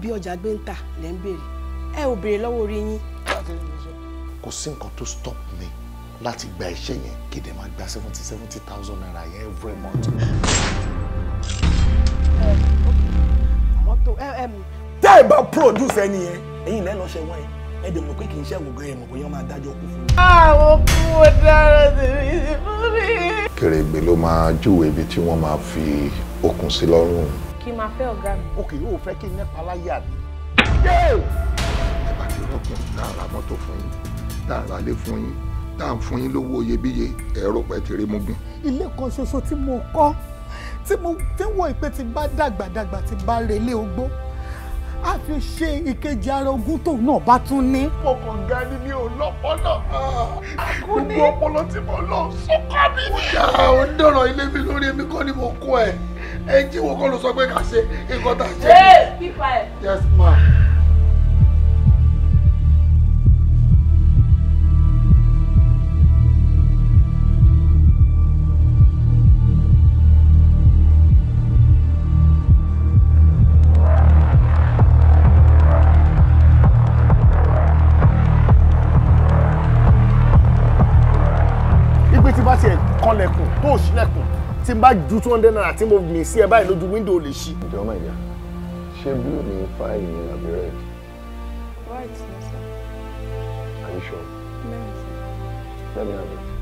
bí ọjà gbé ń tà lẹ́ ń béèrè ẹ ò béèrè lọ́wọ́ orí yín. kò sí nǹkan tó stop me láti gba iṣẹ́ yẹn kéde máa gba seventy seventy thousand naira yẹn every month. tẹ́ ẹ bá produce ẹni yẹn ẹ̀yin lẹ́nu ọ̀sẹ̀ wọ́n ẹ dẹ̀ mọ̀ pé kì í ṣe àwògán ẹ̀ mọ̀ bóyá máa dájọ́ kú fún àwọn kú ó dára tèmi sí fún mi. kèrègbè ló máa júwèé ibi tí wọ́n máa fi okùn sí lọ́rùn kí n máa fẹ́ ọ̀gá mi. ok o fẹ́ kí nípa láyé àbí. ẹ bá ti rọpò dára mọ́tò fún yín dára lé fún yín tá à ń fún yín lówó iyebíye ẹ̀rọ pẹ̀ tèrè mú gùn. ilé kan ṣoṣo tí mo kọ́ tí mo ti wọ ìpè tí bá dàgbà dàgbà tí bá relé ogbó a fi ṣe ìkejì ara ogún tóun náà bá tún ní. mo kàn ga ni mi ò lọ́pọ́lọ́ gbogbo ọpọlọ tí mo lọ sọ́kọ́ mi. ó yà ó dọ̀rọ̀ ilé mi lórí èmi kọ́ ni mo kọ́ ẹ̀ ẹ jí wo kọ́ ló sọ pé ká ṣe nǹkan tá a ṣe. ee pípa ẹ. yes ma. ibi tí bá tiẹ̀ kanlẹ̀kùn tó ò sílẹ̀kùn tí n bá ju two hundred naira tí mo mì sí ẹ báyìí lójú wíńdò lè ṣí. ǹjọ́ máa yà ṣé blue ni fáìlì yẹn àbí red. white ni sir. are you sure. no sir. let me have it.